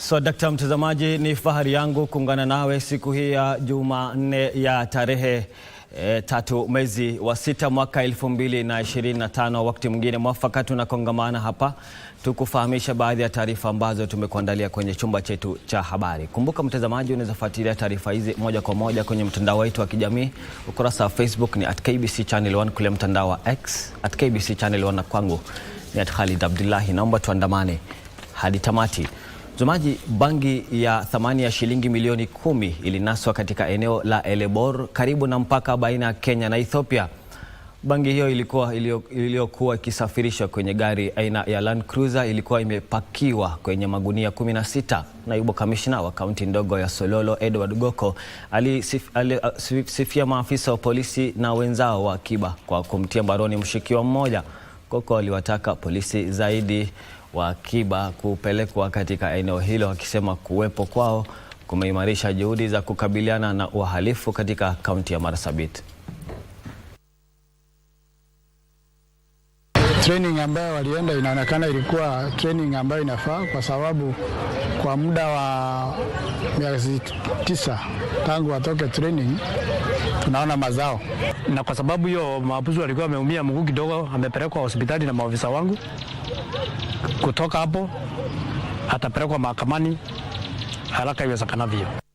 So, dakta mtazamaji, ni fahari yangu kuungana nawe siku hii ya Jumanne ya tarehe E, tatu mwezi wa sita mwaka tano. wakati mwingine mwafaka tunakongamana hapa tukufahamisha baadhi ya taarifa ambazo tumekuandalia kwenye chumba chetu cha habari. Kumbuka mtazamaji, unaweza fuatilia taarifa hizi moja kwa moja kwenye mtandao wetu wa kijamii. Ukurasa wa Facebook ni at KBC Channel 1, kule mtandao wa X at KBC Channel 1, na kwangu ni at Khalid Abdullahi. Naomba tuandamane hadi tamati. Mtazamaji, bangi ya thamani ya shilingi milioni kumi ilinaswa katika eneo la Elebor karibu na mpaka baina ya Kenya na Ethiopia. Bangi hiyo ilikuwa iliyokuwa ikisafirishwa kwenye gari aina ya Land Cruiser ilikuwa imepakiwa kwenye magunia 16. Naibu kamishna wa kaunti ndogo ya Sololo Edward Goko alisifia uh, maafisa wa polisi na wenzao wa akiba kwa kumtia mbaroni mshukiwa mmoja. Goko aliwataka polisi zaidi wa akiba kupelekwa katika eneo hilo, wakisema kuwepo kwao kumeimarisha juhudi za kukabiliana na uhalifu katika kaunti ya Marsabit. Training ambayo walienda inaonekana ilikuwa training ambayo inafaa, kwa sababu kwa muda wa miezi tisa tangu watoke training tunaona mazao, na kwa sababu hiyo mahabusu alikuwa ameumia mguu kidogo, amepelekwa hospitali na maofisa wangu kutoka hapo atapelekwa mahakamani haraka iwezekanavyo.